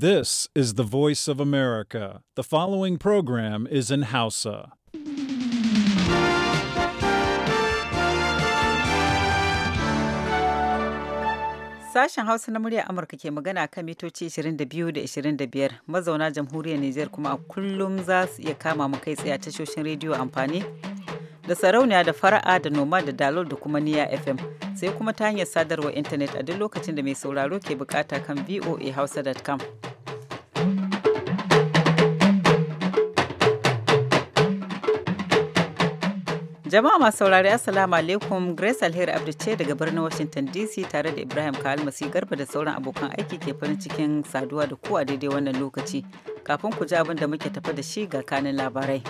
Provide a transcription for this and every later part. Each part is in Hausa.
This is the voice of America. The following program is in Hausa. Sashen Hausa na murya Amurka ke magana kan mitoci 22 da 25 mazauna jamhuriyar Nijar kuma a kullum za su iya kama mu kai tsaye tashoshin rediyo amfani da sarauniya da fara'a da noma da dalol da kuma niya fm sai kuma ta hanyar sadarwar intanet a duk lokacin da mai sauraro ke bukata kan voahausa.com jama'a masu saurari assalamu alaikum grace alheri abdu ce daga birnin washington dc tare da ibrahim kalmasi garba da sauran abokan aiki ke farin cikin saduwa da kowa daidai wannan lokaci kafin ku ji abin da muke tafa da shi ga kanin labarai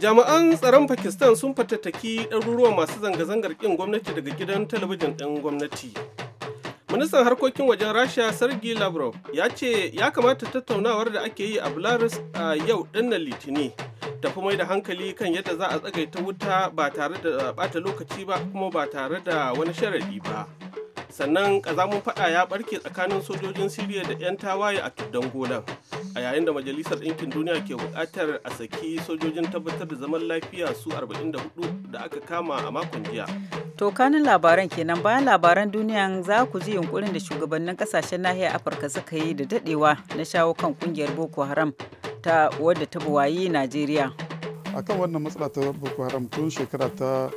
jami'an tsaron pakistan sun fatattaki ɗaruruwan masu zanga-zangar ƙin gwamnati daga gidan talabijin ɗin gwamnati ministan harkokin wajen rasha sergei lavrov ya ce ya kamata tattaunawar da ake yi a belarus a yau ɗinnan litini tafi mai da hankali kan yadda za a tsagaita wuta ba tare da ɓata lokaci ba kuma ba tare da wani sharadi ba sannan kazamun faɗa ya ɓarke tsakanin sojojin siriya da 'yan tawaye a tuddan gona a yayin da majalisar ɗinkin duniya ke buƙatar a saki sojojin tabbatar da zaman lafiya su 44 da aka kama a makon jiya to kanin labaran kenan bayan labaran duniya za ku ji yunkurin da shugabannin kasashen nahiyar afirka suka yi da dadewa na shawo kan kungiyar boko haram ta wadda ta buwayi najeriya akan wannan matsala ta boko haram tun shekara ta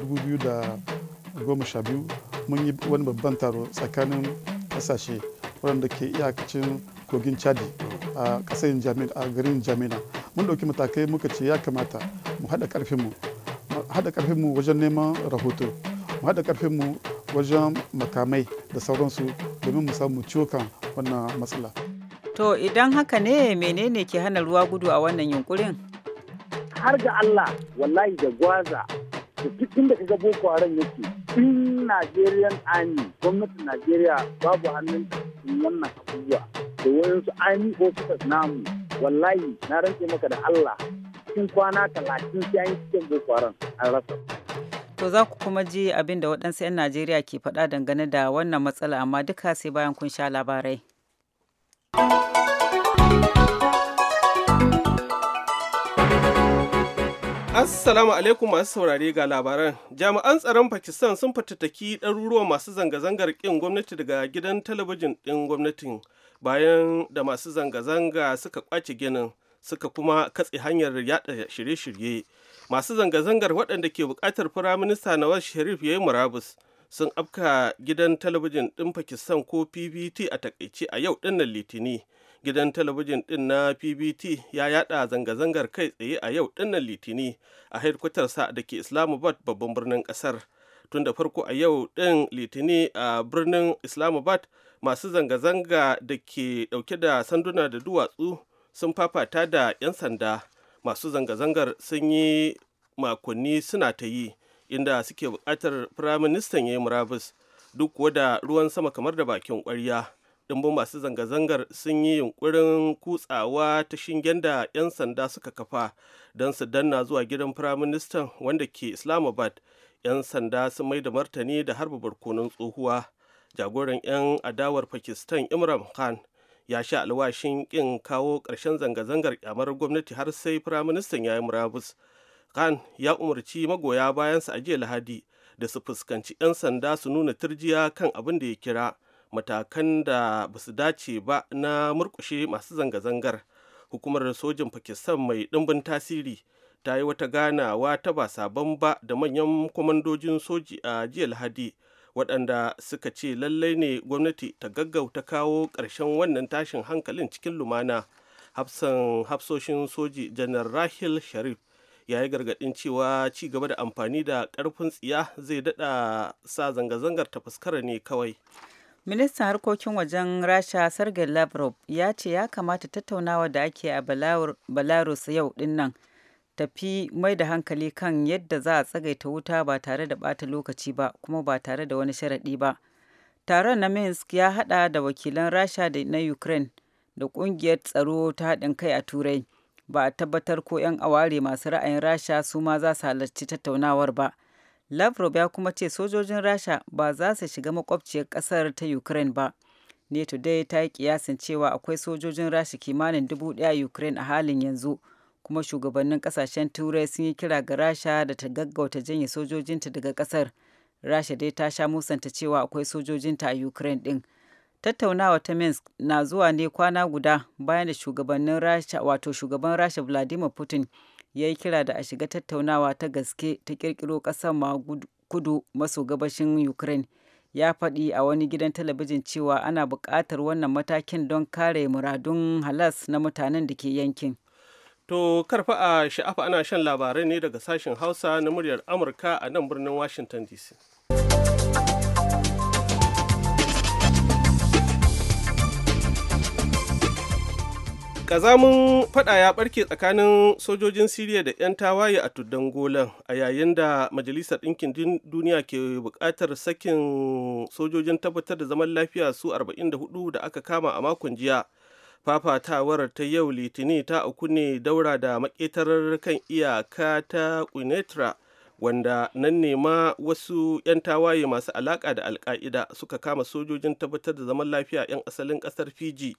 2000 goma sha biyu mun yi wani babban taro tsakanin kasashe waɗanda ke iyakacin kogin chadi a ƙasar a garin jamina mun ɗauki matakai muka ce ya kamata mu haɗa ƙarfinmu haɗa ƙarfinmu wajen neman rahoto mu haɗa ƙarfinmu wajen makamai da sauransu domin mu samu ciwo kan wannan matsala to idan haka ne menene ke hana ruwa gudu a wannan yunkurin har ga allah wallahi da gwaza duk da ka ga boko haram yake in nigerian army gwamnatin nigeria babu hannun wannan abubuwa da wayansu army officers namu wallahi na rantse maka da allah cikin kwana talatin sai an yi cikin boko haram an rasa To za ku kuma ji abin da waɗansu 'yan Najeriya ke faɗa dangane da wannan matsala amma duka sai bayan kun sha labarai. Assalamu alaikum masu saurare ga labaran. Jami'an tsaron Pakistan sun fatattaki ɗaruruwan masu zanga-zangar ƙin gwamnati daga gidan talabijin ɗin gwamnatin bayan da masu zanga-zanga suka kwace ginin suka kuma katse hanyar yaɗa shirye-shirye. Masu zanga-zangar waɗanda ke buƙatar Firaminista Nawaz Sharif ya yi murabus sun afka gidan talabijin ɗin Pakistan ko PBT a takaice a yau ɗinnan Litini gidan talabijin din na pbt ya yada zanga-zangar kai tsaye a yau dinnan litini a sa da ke islamabad babban birnin kasar tun da farko a yau din litini a birnin islamabad masu zanga-zanga da ke dauke da sanduna da duwatsu sun fafata da 'yan sanda masu zanga-zangar sun yi makonni suna ta yi inda suke bukatar firaministan ya yi murabus duk kuwa da ruwan sama kamar da bakin ƙwarya dimbin masu zanga-zangar sun yi yunkurin kutsawa ta shingen da 'yan sanda suka kafa don su danna zuwa gidan firaministan wanda ke islamabad 'yan sanda sun mai da martani da harba barkonon tsohuwa jagoran 'yan adawar pakistan imran khan ya sha alwashin kin kawo ƙarshen zanga-zangar kyamar gwamnati har sai firaministan ya yi murabus khan ya umarci magoya bayansa a jiya lahadi da su fuskanci 'yan sanda su nuna turjiya kan abin da ya kira matakan da ba su dace ba na murkushe masu zanga-zangar hukumar sojin pakistan mai ɗimbin tasiri ta yi wata ganawa ta ba sabon ba da manyan kwamandojin soji a jiya lahadi waɗanda suka ce lallai ne gwamnati ta gaggauta kawo ƙarshen wannan tashin hankalin cikin lumana hafsan hafsoshin soji janar rahil sharif ya yi gargaɗin cewa ci gaba da amfani da ƙarfin tsiya zai daɗa sa zanga-zangar ta fuskara ne kawai ministan harkokin wajen rasha sergei lavrov ya ce ya kamata tattaunawa da ake a belarus yau dinnan tafi mai da hankali kan yadda za a tsagaita wuta ba tare da bata lokaci ba kuma ba tare da wani sharaɗi ba taron na minsk ya haɗa da wakilan rasha da na ukraine da ƙungiyar tsaro ta haɗin kai a turai ba a tabbatar ko 'yan aware masu ra'ayin rasha su ma za su halarci tattaunawar ba Lavrov ya kuma ce sojojin Rasha ba za su shiga makwabciyar ƙasar ta Ukraine ba. NATO dai ta yi kiyasin cewa akwai sojojin Rasha kimanin dubu ɗaya Ukraine a halin yanzu, kuma shugabannin ƙasashen Turai sun yi kira ga Rasha da ta gaggauta janye sojojinta daga ƙasar. Rasha dai ta sha musanta cewa akwai sojojinta a Ukraine ɗin. Tattaunawa ta Minsk na zuwa ne kwana guda bayan da shugabannin Rasha wato shugaban Rasha Vladimir Putin ya yi kira da a shiga tattaunawa ta gaske ta kirkiro ƙasar kudu maso gabashin ukraine ya faɗi a wani gidan talabijin cewa ana buƙatar wannan matakin don kare muradun halas na mutanen da ke yankin to karfa a sha'afa ana shan labarai ne daga sashen hausa na muryar amurka a nan birnin washington dc kazamin fada ya barke tsakanin sojojin siriya da 'yan tawaye a tuddan golan a yayin da majalisar ɗinkin duniya ke buƙatar sakin sojojin tabbatar da zaman lafiya su 44 da aka kama a makon jiya fafatawar ta yau litini ta uku ne daura da maƙetar kan iyaka ta qunetra wanda nan ne ma wasu 'yan tawaye masu alaƙa da alka'ida suka kama sojojin tabbatar da zaman lafiya 'yan asalin ƙasar fiji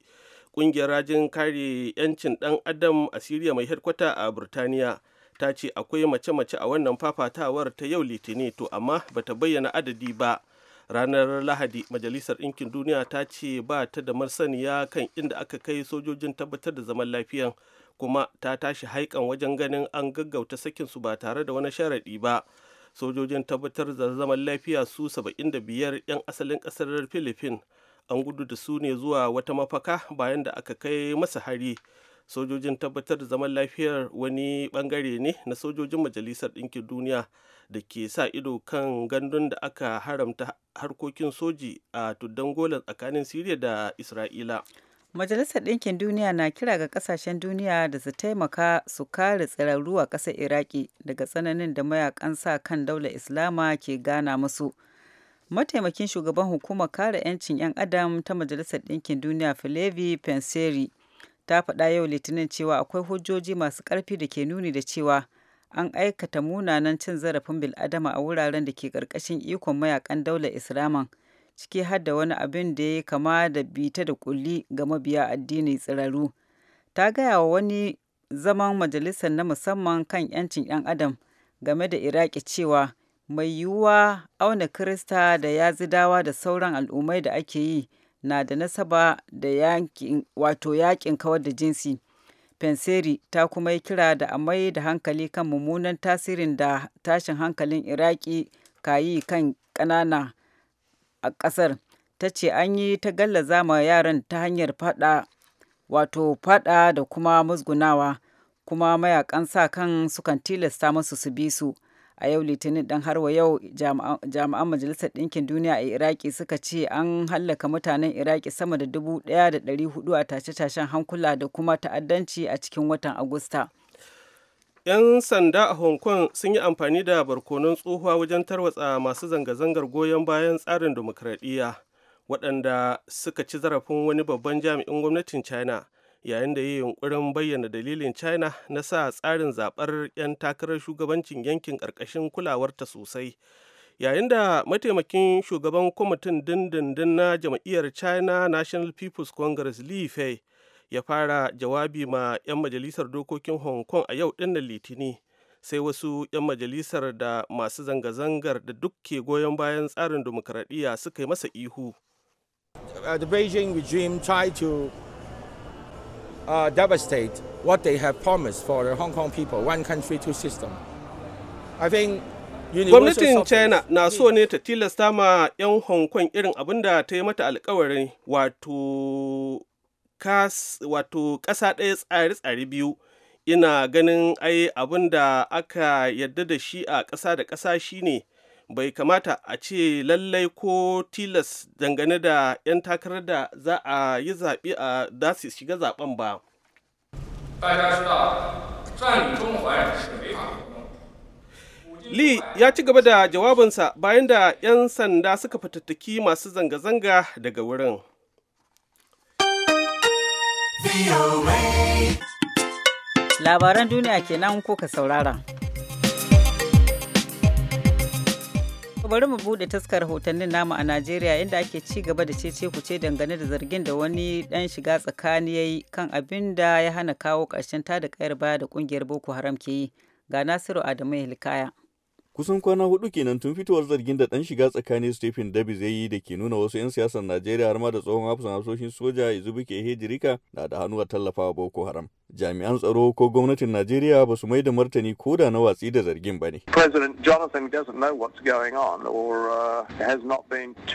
ƙungiyar rajin kare 'yancin ɗan adam a siriya mai hedkwata a burtaniya ta ce akwai mace-mace a wannan fafatawar ta yau litini to amma bata bayyana adadi ba ranar lahadi majalisar ɗinkin duniya ta ce ba ta da marsaniya kan inda aka kai sojojin tabbatar da zaman lafiyan kuma ta tashi haikan wajen ganin an gaggauta sakin su ba tare da wani sharaɗi ba sojojin tabbatar da zaman lafiya su 75 'yan asalin ƙasar filifin. an gudu da su ne zuwa wata mafaka bayan da aka kai masa hari sojojin tabbatar da zaman lafiyar wani bangare ne na sojojin majalisar ɗinkin duniya da ke sa ido kan gandun da aka haramta harkokin soji a tuddan gola tsakanin siriya da isra'ila majalisar ɗinkin duniya na kira ga ƙasashen duniya da su taimaka su kare tsirarru a ƙasar iraki daga tsananin da mayakan sa kan daular islama ke gana musu. mataimakin shugaban hukumar kare 'yancin 'yan adam ta majalisar ɗinkin duniya filevi penseri ta faɗa yau litinin cewa akwai hujjoji masu ƙarfi da ke nuni da cewa an aikata munanan cin zarafin bil'adama a wuraren da ke ƙarƙashin ikon mayakan daular islaman ciki har da wani abin da ya kama da bita da kulli ga mabiya addini tsiraru ta gaya wa wani zaman majalisar na musamman kan 'yancin 'yan adam game da iraki cewa mai yiwuwa auna Kirista da Yazidawa da sauran al'ummai da ake yi na da nasaba da wato yakin kawar da jinsi. Penseri ta kuma yi kira da amai da hankali kan mummunan tasirin da tashin hankalin Iraki ka yi kan ƙanana a ƙasar. Ta ce an yi ta gallaza ma yaran ta hanyar fada wato fada da kuma musgunawa kuma mayakan sa kan sukan tilasta musu su bi su. a yau litinin ɗin har wa yau jami'an majalisar ɗinkin duniya a iraki suka ce an hallaka mutanen iraki sama da dubu ɗaya da ɗari hudu a tashe-tashen hankula da kuma ta'addanci a cikin watan agusta 'yan sanda a hong kong sun yi amfani da barkonon tsohuwa wajen tarwatsa masu zanga-zangar goyon bayan tsarin dimokuraɗiyya waɗanda suka ci zarafin wani babban jami'in gwamnatin china yayin da ya yi yunkurin bayyana dalilin china na sa tsarin zaɓar 'yan takarar shugabancin yankin ƙarƙashin kulawarta sosai yayin da mataimakin shugaban kwamitin dindindin na jam'iyyar china national people's congress li fei ya fara jawabi ma 'yan majalisar dokokin hong kong a yau dinnan litini sai wasu 'yan majalisar da masu zanga-zangar da duk ke goyon bayan tsarin dimokuraɗiyya suka yi masa ihu. Uh, the Beijing regime tried to uh, devastate what they have promised for the Hong Kong people, one country, two system. I think Gwamnatin China na so ne ta tilasta ma 'yan Hong Kong irin abin da ta yi mata alkawarin wato ƙasa ɗaya tsare-tsare biyu ina ganin ai abin da aka yadda da shi a ƙasa da ƙasa shine ne bai kamata a ce lallai ko tilas dangane da 'yan takarar da za a yi zaɓi a za su shiga zaɓen ba. Li ya ci gaba da jawabinsa bayan da 'yan sanda suka fatattaki masu zanga-zanga daga wurin. Labaran duniya kenan ka saurara. bari mu bude taskar hotonnin namu a najeriya inda ake ci gaba da cece kuce dangane da zargin da wani dan shiga tsakani ya kan abin da ya hana kawo ƙarshen tada kayar baya da kungiyar boko haram ke yi ga nasiru adamu hilkaya kusan kwana hudu kenan tun fitowar zargin da dan shiga tsakanin Stephen Davis ya yi da ke nuna wasu 'yan siyasar Najeriya har ma da tsohon hafsan hafsoshin soja ke Hejirika na da hannu tallafawa Boko Haram. jami'an tsaro ko gwamnatin Najeriya ba su mai da martani ko da na watsi da zargin ba ne.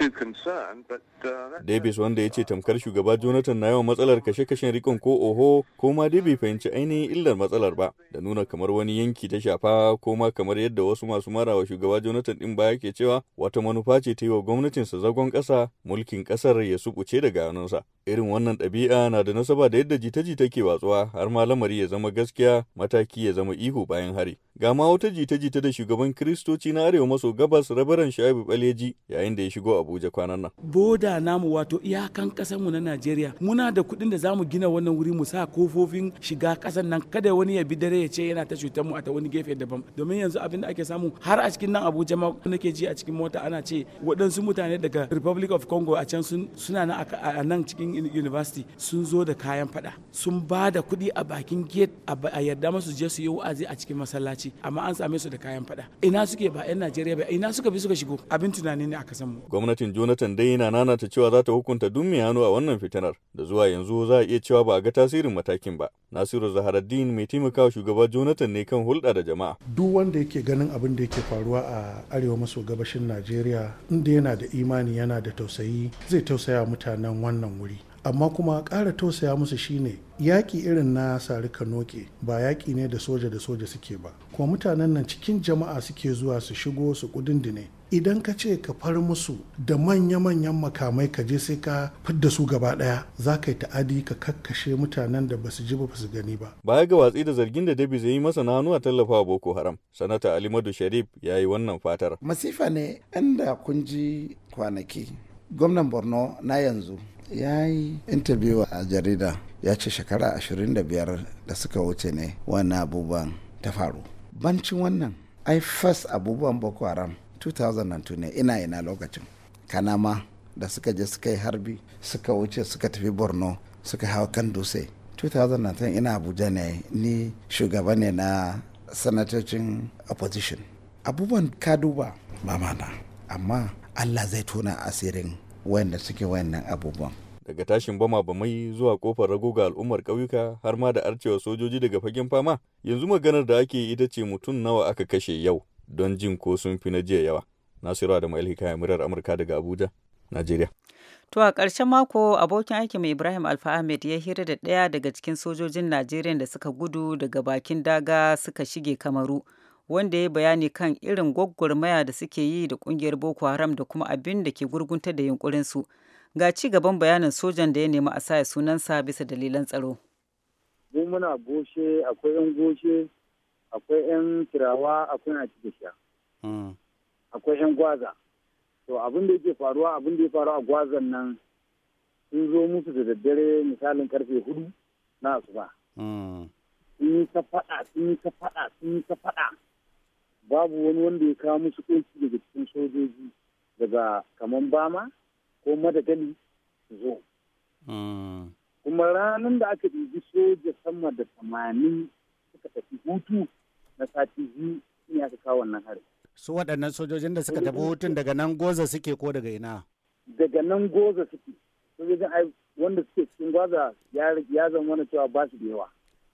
Uh, uh, Davis wanda ya ce tamkar shugaba Jonathan na yawan matsalar kashe-kashen rikon ko oho ko ma dai bai fahimci ainihin illar matsalar ba da nuna kamar wani yanki ta shafa ko ma kamar yadda wasu masu mara wa shugaba Jonathan din baya ke cewa wata manufa ce ta yi wa gwamnatin sa zagon kasa mulkin kasar ya subuce daga hannunsa. Irin wannan ɗabi'a na da nasaba da yadda jita-jita ke watsuwa har ma lamari ya zama gaskiya mataki ya zama ihu bayan hari ga ma wata jita-jita da shugaban kiristoci na arewa maso gabas rabaran shaibu baleji yayin da ya shigo abuja kwanan nan boda namu wato iyakan kasar mu na najeriya muna da kuɗin da zamu gina wannan wuri mu sa kofofin shiga kasar nan kada wani ya bi dare ya ce yana ta cutar mu a ta wani gefe daban domin yanzu abin da ake samu har a cikin nan abuja ma nake ji a cikin mota ana ce waɗansu mutane daga republic of congo a can suna nan a nan cikin university sun zo da kayan fada sun ba da kuɗi a bakin gate a yarda masu je su yi wa'azi a cikin masallaci amma an same su da kayan fada ina suke ba yan Najeriya ba ina suka bi suka shigo abin tunani ne a kasan mu gwamnatin Jonathan dai yana nanata cewa za ta hukunta duk mai hannu a wannan fitinar da zuwa yanzu za a iya cewa ba a ga tasirin matakin ba Nasiru Zaharaddin mai taimakawa shugaba Jonathan ne kan hulɗa da jama'a duk wanda yake ganin abin da yake faruwa a arewa maso gabashin Najeriya inda yana da imani yana da tausayi zai tausaya mutanen wannan wuri amma kuma ƙara tausaya musu shine yaƙi irin na sari kanoke ba yaƙi ne da soja da soja suke ba kuma mutanen nan cikin jama'a suke zuwa su shigo su kudindine idan ka ce ka far musu da manya-manyan makamai ka je sai ka fidda su gaba ɗaya za ka yi ta'adi ka kakkashe mutanen da basu ji ba su gani ba baya ga watsi da zargin da dabi zai yi masa na a tallafa boko haram sanata alimadu sharif ya yi wannan fatar masifa ne inda kun ji kwanaki gwamnan borno na yanzu ya yi interview a jarida ya ce shekara 25 da suka wuce ne wannan abubuwan ta faru bancin wannan ai first abubuwan boko haram 2002 ne ina ina lokacin kanama da suka je suka yi harbi suka wuce suka tafi borno suka hau kan dutse 2010 ina abuja ne ni shugaba ne na sanatocin opposition abubuwan ka duba ba mana amma allah zai tona asirin wayanda suke wayannan abubuwan daga tashin bama bamai zuwa kofar rago ga al'ummar ƙauyuka har ma da arcewa sojoji daga fagen fama yanzu maganar da ake ita ce mutum nawa aka kashe yau don jin ko sun fi na jiya yawa nasiru adamu ma'il murar amurka daga abuja najeriya to a ƙarshen mako abokin aiki mai ibrahim alfa ahmed ya hira da ɗaya daga cikin sojojin najeriya da suka gudu daga bakin daga suka shige kamaru wanda ya bayani kan irin gwaggwarmaya da suke yi da ƙungiyar boko haram da kuma abin da ke gurgunta da yunkurinsu su Ga ci gaban bayanin sojan da ya nemi a sa sunansa bisa dalilan tsaro. Mu muna goshe, akwai 'yan goshe, akwai 'yan kirawa, akwai na sha. Hmm. Akwai 'yan gwaza. To abin da yake faruwa abin da ya faru a gwazan nan sun zo musu da daddare misalin karfe hudu na asuba. Hmm. Sun yi ta faɗa, sun yi ta faɗa, sun yi ta faɗa. Babu wani wanda ya kawo musu ɗauki daga cikin sojoji daga kaman bama ko madagali su zo mm. kuma ranar da aka ɗibi soja sama da tamanin suka tafi hutu na sati biyu ne aka kawo wannan hari su waɗannan sojojin da suka tafi hutun daga nan goza suke ko daga ina daga nan goza suke sojojin wanda suke cikin gwaza ya zama wani cewa ba su da yawa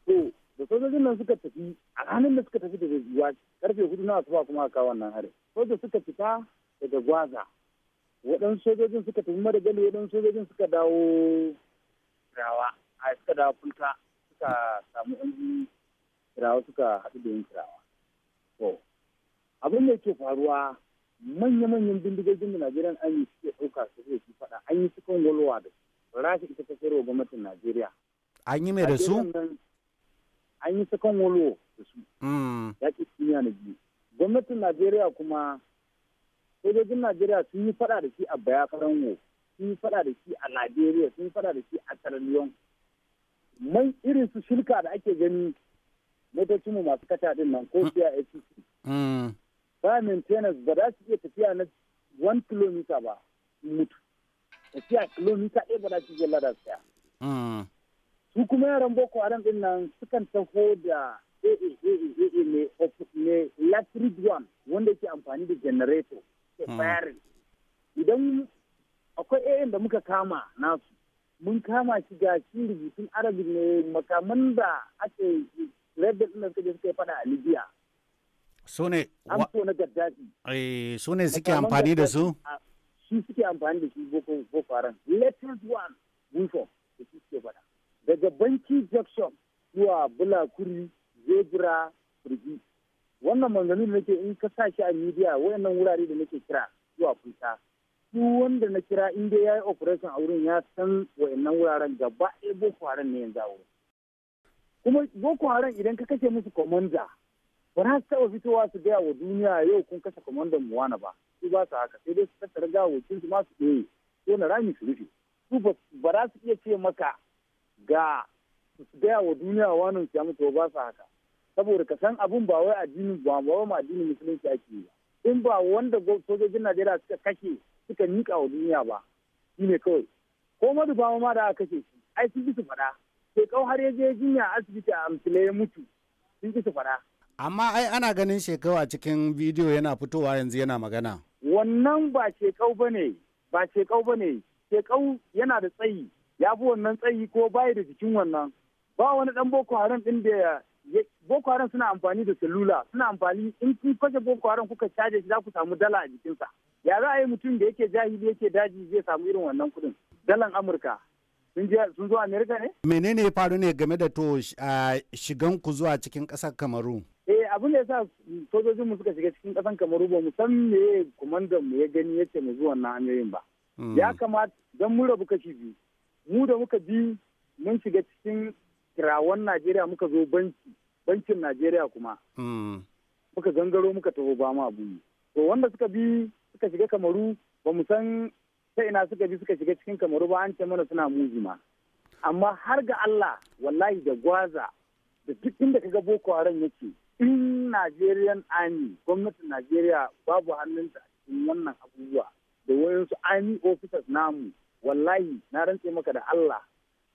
to da sojojin nan suka tafi a ranar da suka tafi daga zuwa karfe hudu na asuba kuma aka wannan hari soja suka fita daga gwaza waɗansu sojojin suka tafi madagali waɗansu sojojin suka dawo rawa a suka dawo fulka suka samu yan rawa suka haɗu da yin rawa to abin da ke faruwa manya-manyan bindigogin da najeriya an yi suke ɗauka su zai fi faɗa an yi cikin walwa da rashi ita ta sayarwa gwamnatin najeriya an yi mai da su an yi cikin walwa da su hmm. yaƙi kimiyya na biyu gwamnatin najeriya kuma sojojin najeriya sun yi fada da shi a bayafarango sun yi fada da shi a najeriya sun yi fada da shi a sierra Mai irin su shirka da ake gani motocinmu masu kata din nan ko hmm. siya ACC. Ba maintenance ba za su iya tafiya na 1 kilomita ba mutu. Tafiya kilomita ɗaya ba za su iya lada siya. Hmm. Su kuma yaran Boko Haram din nan sukan taho da AAAA ne electric one wanda ke amfani da generator. ke hmm. firing idan akwai ayan da muka kama nasu mun kama shi ga shi rubutun arabi ne makaman da ake red din da suke fada a libya su ne na gaddafi eh su ne suke amfani da su shi suke amfani da shi boko boko haram latest one uniform da shi suke fada daga banki junction zuwa bulakuri zebra birgi wannan manzanni da nake in ka sa shi a midiya wayannan wurare da nake kira zuwa kusa duk wanda na kira in ya yi operation a wurin ya san wayannan wuraren gaba ɗaya boko haram ne yanzu a wurin kuma boko haram idan ka kashe musu komanda ba za su taɓa fitowa su gaya wa duniya yau kun kashe komandan mu wani ba su ba su haka sai dai su tattara gawawakin su ma su ko na rami su rufe su ba za su iya ce maka ga su gaya wa duniya wani su ya mutu ba su haka saboda ka san abun ba wai addinin ba ba wai addinin musulunci ake yi in ba wanda sojojin Najeriya suka kashe suka nika wa duniya ba shi ne kawai ko madubawa ma da aka kashe shi ai sun su faɗa sai kau har ya je jinya asibiti a amsile ya mutu sun su faɗa amma ai ana ganin shekau cikin bidiyo yana fitowa yanzu yana magana wannan ba shekau bane ba shekau bane shekau yana da tsayi ya fi wannan tsayi ko bayi da jikin wannan ba wani dan boko haram din da boko haram suna amfani da salula suna amfani in kun kashe boko haram kuka caje shi za ku samu dala a jikinsa ya za a yi mutum da yake jahili yake daji zai samu irin wannan kuɗin dalan amurka sun zo amerika ne menene ya faru ne game da to shigan ku zuwa cikin kasar kamaru eh abin da yasa sojojin mu suka shiga cikin kasar kamaru ba mu san me kumandan mu ya gani yace mu zuwa na hanyoyin ba hmm. ya kamata don mu rabu kashi biyu mu da muka bi mun shiga cikin kirawan najeriya muka zo banki bankin najeriya kuma hmm. muka gangaro muka taho ba mu abu to wanda suka bi suka shiga kamaru ba mu san ta ina suka bi suka shiga cikin kamaru ba an ce mana suna ma. amma har ga allah wallahi da gwaza da duk inda kaga boko haram yake in najeriyan ani gwamnatin najeriya babu hannunta a cikin wannan abubuwa da wayansu army officers namu wallahi na rantse maka da allah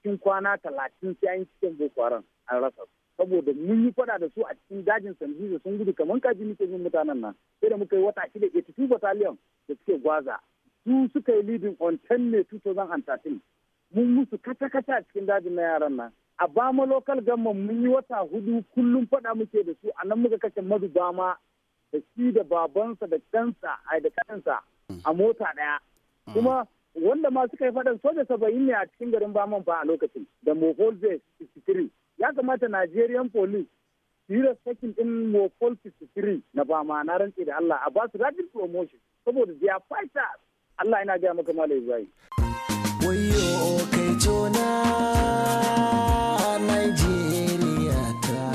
cikin kwana talatin sai an cikin boko haram an rasa su saboda mun yi fada da su a cikin dajin sanjiza sun gudu kamar kaji muke jin mutanen nan sai da muka yi wata shida 82 da suke gwaza su suka yi leading on 10 ne 2013 mun musu kata-kata a cikin dajin na yaran nan a bama local government mun yi wata hudu kullum fada muke da su a nan muka kashe madu bama da shi da babansa da kansa a da kansa a mota daya mm. kuma wanda ma suka yi fadan soja saba'in ne a cikin garin baman ba a lokacin da mohol 63 ya kamata Nigerian police su yi sakin ɗin Mopol 53 na bama na rantse da Allah a basu su rapid promotion saboda they are Allah yana gaya maka Malam Ibrahim. Wayo kai tona Nigeria ta.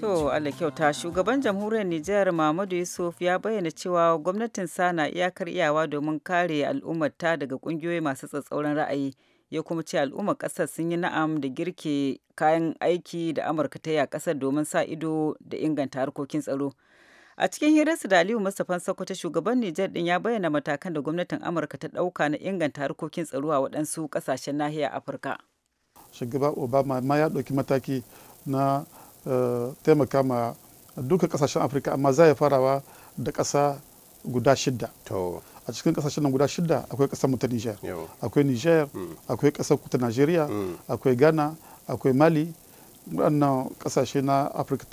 To Allah kyauta shugaban jamhuriyar Nijar Mamadu Yusuf ya bayyana cewa gwamnatin sana iyakar iyawa domin kare al'ummar ta daga kungiyoyi masu tsatsauran ra'ayi. ya kuma ce al'ummar kasar sun yi na'am da girke kayan aiki da amurka ta yi a ƙasar domin sa ido da inganta harkokin tsaro a cikin hirarsa da aliyu mustapha sokoto shugaban nijar din ya bayyana matakan da gwamnatin amurka ta ɗauka na inganta harkokin tsaro a waɗansu ƙasashen nahiyar afirka shugaba obama ma ya ɗauki mataki na eh, taimaka ma duka ƙasashen afirka amma za ya farawa da ƙasa guda shida a cikin kasashen nan guda shida akwai kasar mu ta niger akwai niger mm. akwai kasar kuta nigeria mm. akwai ghana akwai mali na kasashe na afirka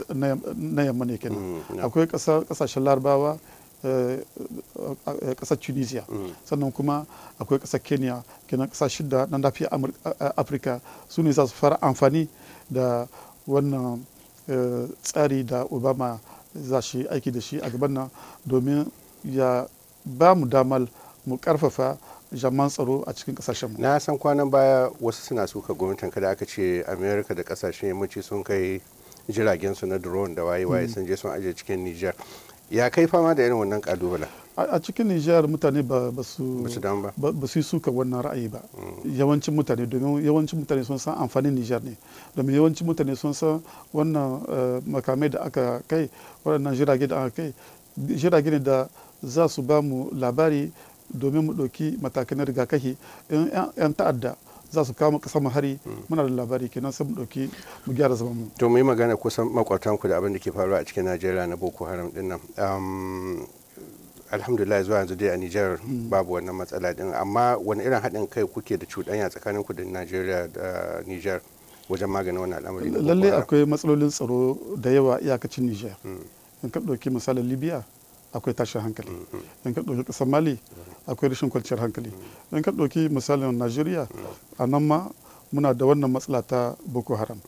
na yamma ne kenan mm, akwai kasashen larabawa kasar eh, eh, tunisia sannan kuma akwai kasar kenya kenan kasa shida na dafi afirka su ne za su fara amfani da wannan eh, tsari da obama za shi aiki da shi a gaban nan domin ya ba mu damar mu karfafa jaman tsaro a cikin kasashen mu. na san kwanan baya wasu suna suka gwamnatin kada aka ce america da kasashen yammaci sun kai jiragen su na drone da waye waye hmm. sun je sun aje cikin niger ya kai fama da irin wannan kalubala a cikin niger mutane ba su ba su suka wannan ra'ayi ba hmm. yawancin mutane domin yawancin mutane sun san amfanin niger ne domin yawancin mutane sun san wannan eh, makamai da aka kai waɗannan jirage da aka kai jirage ne da za su ba mu labari domin mu ɗauki matakai na rigakafi in 'yan ta'adda za su kama kasa mu hari hmm. muna da labari kenan sai mu ɗauki mu gyara zaman mu to mu yi magana kusan makwatan ku da abin da ke faruwa a cikin Najeriya na Boko Haram din nan alhamdulillah zuwa yanzu dai a Nijar hmm. babu wannan matsala din amma wani irin haɗin kai kuke da cuɗanya tsakanin ku da Najeriya da Nijar wajen maganin wannan al'amari lalle akwai matsalolin tsaro da yawa iyakacin Nijar hmm. in ka ɗauki misalin Libya akwai tashin hankali mm-hmm. in ka ɗauki ƙasar mali akwai rashin kwanciyar hankali in ka ɗauki misalin najeriya a nan ma muna da wannan matsala ta boko haram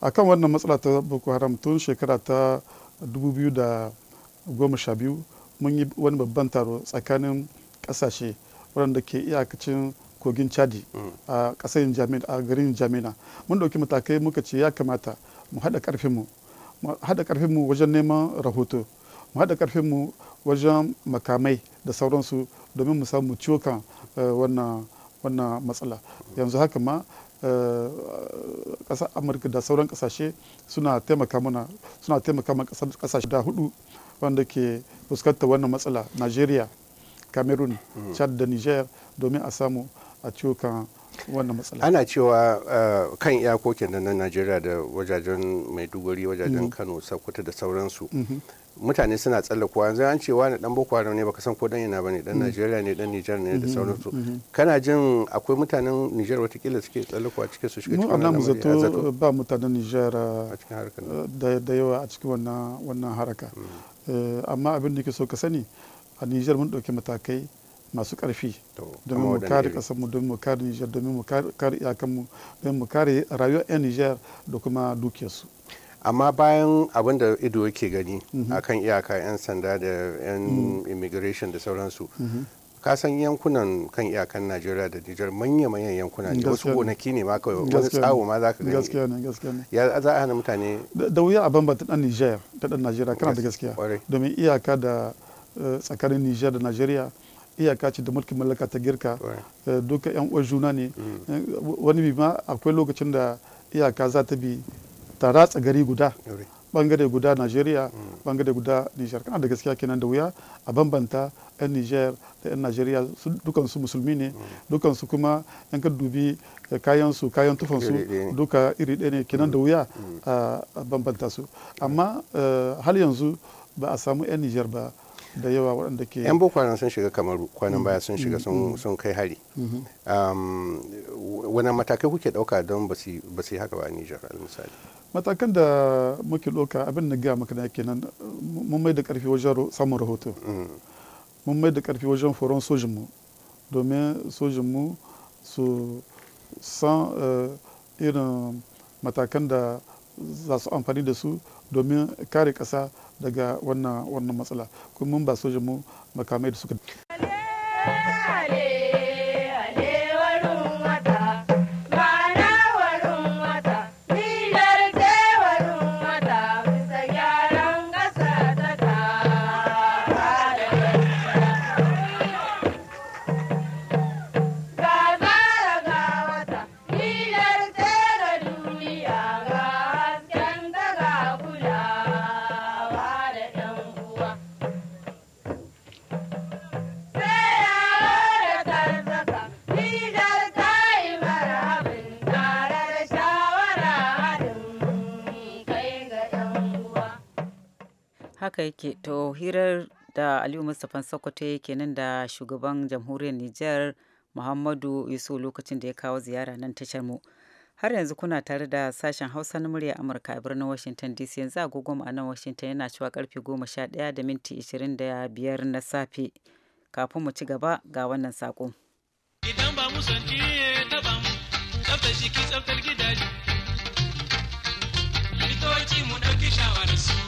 akan wannan matsala ta boko haram tun shekara ta 2012 mun yi wani babban taro tsakanin ƙasashe waɗanda ke iyakacin kogin chadi mm. a ƙasar a garin jamina mun ɗauki matakai muka ce ya kamata mu haɗa ƙarfinmu mu haɗa ƙarfinmu wajen neman rahoto mu haɗa mu wajen makamai da sauransu domin mu samu ciwo eh, wannan matsala yanzu haka ma eh, ƙasar amurka da sauran ƙasashe suna taimaka mana ƙasashe da hudu wanda ke fuskantar wannan matsala nigeria cameroon mm-hmm. chad da niger domin a samu a ciwo kan wannan matsala ana cewa eh, kan iyakokin na najeriya da wajajen maiduguri wajajen mm-hmm. kano sokoto da sauransu mm-hmm. mutane suna tsallakowa yanzu an ce wani dan boko haram ne baka san ko dan yana bane dan mm-hmm. Najeriya ne dan Niger ne da mm-hmm. sauransu mm-hmm. kana jin akwai mutanen Niger watakila suke tsallakowa cikin su shiga cikin wannan zato ba mutanen Niger da yawa a cikin wannan wannan haraka mm. eh, amma abin da ke so ka sani a Niger mun dauki matakai masu ƙarfi domin mu kare mu domin mu kare Niger domin mu kare mu domin mu kare rayuwar 'yan Niger da kuma dukiyarsu. amma bayan abin da ido yake gani mhm. akan iyaka 'yan sanda da 'yan mhm. immigration da sauransu mhm. kasan yankunan kan iyakan najeriya da nijar manya-manyan yankuna ne wasu gonaki ne ma kawai wani tsawo ma za ka gani gaskiya ne gaskiya ne ya za a hana mutane da wuya a bambanta dan nijar da dan najeriya kana da gaskiya domin iyaka da eh, tsakanin nijar da najeriya iyaka ce da mulkin mallaka ta girka eh, duka yan uwan juna ne mm. eh, wani bi ma akwai lokacin da iyaka za ta bi ta ratsa gari guda bangare guda nigeria mm. bangare guda Nijar kana da gaskiya kenan da wuya a bambanta 'yan Nijar da 'yan Najeriya dukansu musulmi ne mm. dukansu kuma yan ka dubi eh, kayan su kayan tufan duka iri ɗaya ne kenan da mm. wuya a bambanta su amma eh, hal yanzu ba a samu 'yan Nijar ba da yawa waɗanda ke yan boko haram sun shiga kamaru kwanan mm-hmm. baya sun shiga sun mm-hmm. kai hari mm-hmm. um, wani matakai kuke ɗauka don ba su yi haka ba a nijar misali matakan da muke ɗauka abin da gaya maka da kenan mun mai da ƙarfi wajen samun rahoto mm. mun mai da ƙarfi wajen foron sojinmu domin sojinmu su san eh, irin matakan da za su amfani da su domin kare ƙasa daga wannan matsala kuma mun ba sojan mu makamai da suka yake to hirar da aliyu mustapha sokoto yake nan da shugaban jamhuriyar niger muhammadu yusuf lokacin da ya kawo ziyara nan tashar mu har yanzu kuna tare da sashen hausa na murya amurka a birnin washington dc yanzu agogon a nan washington yana cewa karfe 11 da minti 25 na safe kafin mu ci gaba ga wannan sako idan ba mu san ta ba mu tsaftar ki tsaftar gidaje likitoci mu ɗauki shawararsu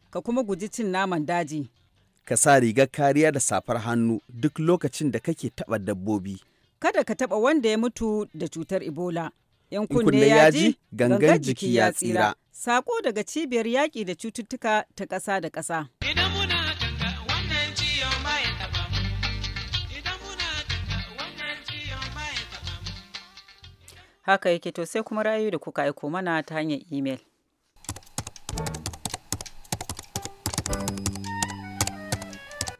ka kuma guji cin naman daji. Ka sa rigar kariya da safar hannu duk lokacin da kake taɓa dabbobi. Kada ka taɓa wanda ya mutu da cutar Ebola. ‘Yan kunne ya ji, gangan jiki ya tsira. Sako daga cibiyar yaƙi da cututtuka ta ƙasa da ƙasa. Haka yake to sai kuma rayu da kuka aiko mana ta hanyar imel.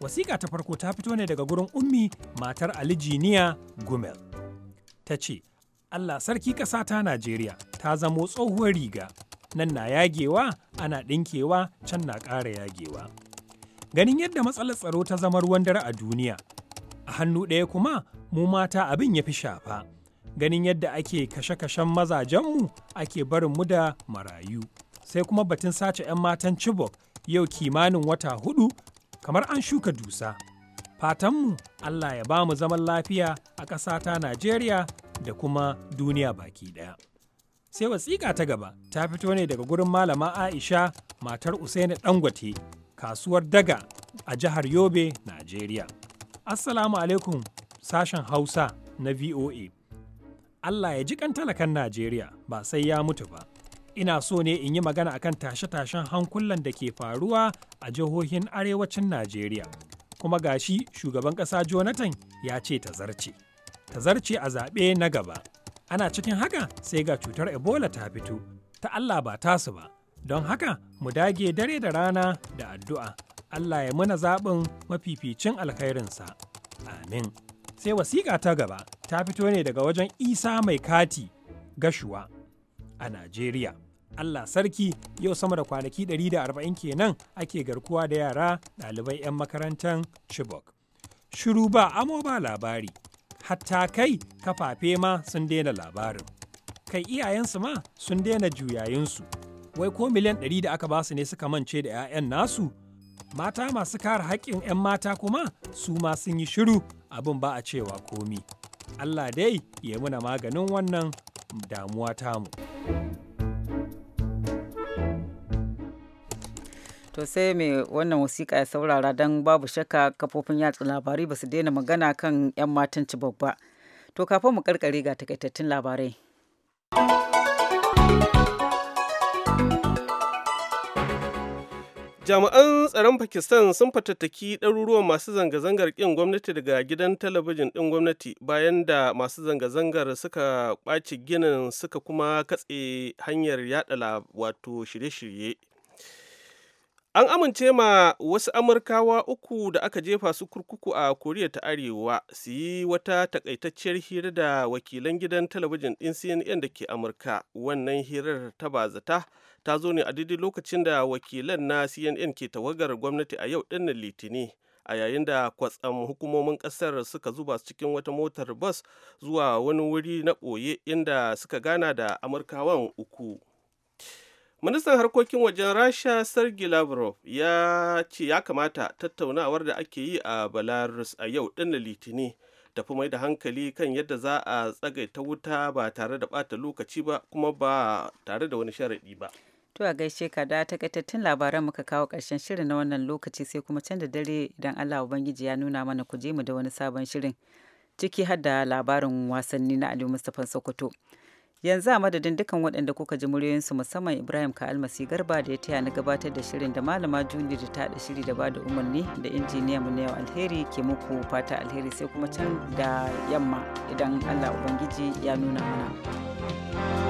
Wasiƙa ta farko ta fito ne daga gurin ummi matar Alijiniya Gumel. Ta ce, Allah sarki ƙasa ta Najeriya ta zamo tsohuwar riga, nan na yagewa ana ɗinkewa can na ƙara yagewa. Ganin yadda matsalar tsaro ta zama ruwan dare a duniya, a hannu ɗaya kuma mu mata abin ya fi shafa. Ganin yadda ake kashe-kashen mazajenmu ake barin mu da marayu. Sai kuma batun sace 'yan matan Chibok yau kimanin wata hudu kamar an shuka dusa. Fatanmu Allah ya ba mu zaman lafiya a ƙasata Najeriya da kuma duniya baki ɗaya. Sai wasiƙa ta gaba ta fito ne daga gurin Malama Aisha matar Usaini Dangote kasuwar Daga a jihar Yobe, Najeriya. Assalamu alaikum sashen Hausa na VOA. Allah ya ji kan talakan Najeriya ba sai ya mutu ba. ina so ne in yi magana akan tashe-tashen hankulan da ke faruwa a jihohin arewacin Najeriya. Kuma gashi shugaban ƙasa Jonathan ya ce ta zarce. Ta zarce a zaɓe na gaba. Ana cikin haka sai ga cutar Ebola ta fito, ta Allah ba tasu ba. Don haka mu dage dare da rana da addu'a. Allah ya muna zaɓin mafificin alkhairinsa. Amin. Sai wasiƙa ta gaba ta fito ne daga wajen Isa mai kati gashuwa a Najeriya. Allah sarki yau sama da kwanaki 140 kenan ake garkuwa da yara ɗalibai 'yan makarantar Chibok. Shiru ba amo ba labari, hatta kai kafafe ma sun daina labarin. Kai iyayensu ma sun daina juyayensu. Wai ko miliyan 100 da aka basu ne suka mance da 'ya'yan nasu? Mata masu kare haƙƙin 'yan mata kuma su ma sun yi shiru abin ba a cewa komi. Allah dai ya muna maganin wannan damuwa tamu. to sai mai wannan wasiƙa ya saurara don babu shakka kafofin yatsa labarai ba su daina magana kan 'yan matan ci babba To kafin mu karkare ga takaitattun labarai. Jami'an tsaron Pakistan sun fatattaki ɗaruruwan masu zanga-zangar ƙin gwamnati daga gidan talabijin ɗin gwamnati bayan da masu zanga-zangar suka ɓaci ginin suka kuma katse hanyar yada wato shirye-shirye. An amince ma wasu Amurkawa uku da aka jefa su kurkuku a Koriya ta Arewa su yi wata takaitacciyar hira da wakilan gidan talabijin ɗin CNN da ke Amurka. Wannan hirar ta bazata ta zo ne a daidai lokacin da wakilan na CNN ke tawagar gwamnati a yau ɗinnan Litini. A yayin da kwatsam hukumomin ƙasar suka zuba su cikin wata motar bas zuwa wani wuri na ɓoye inda suka gana da Amurkawan uku. ministan harkokin wajen rasha sergei lavrov ya ce ya kamata tattaunawar da ake yi a belarus a yau ɗin litini tafi mai da hankali kan yadda za a ta wuta ba tare da ɓata lokaci ba kuma ba tare da wani sharaɗi ba To a gaishe ka da takaitattun labaran muka kawo ƙarshen shirin na wannan lokaci sai kuma can da dare idan Allah Ubangiji ya nuna mana ku je mu da wani sabon shirin ciki har labarin wasanni na Aliyu Mustapha Sokoto. yanzu a madadin dukkan waɗanda kuka ji muryoyinsu musamman ibrahim ka almasi garba da ya taya na gabatar da shirin da malama juni da ta da shiri da bada umarni da injiniya mu na yau alheri ke muku fata alheri sai kuma can da yamma idan allah ubangiji ya nuna mana.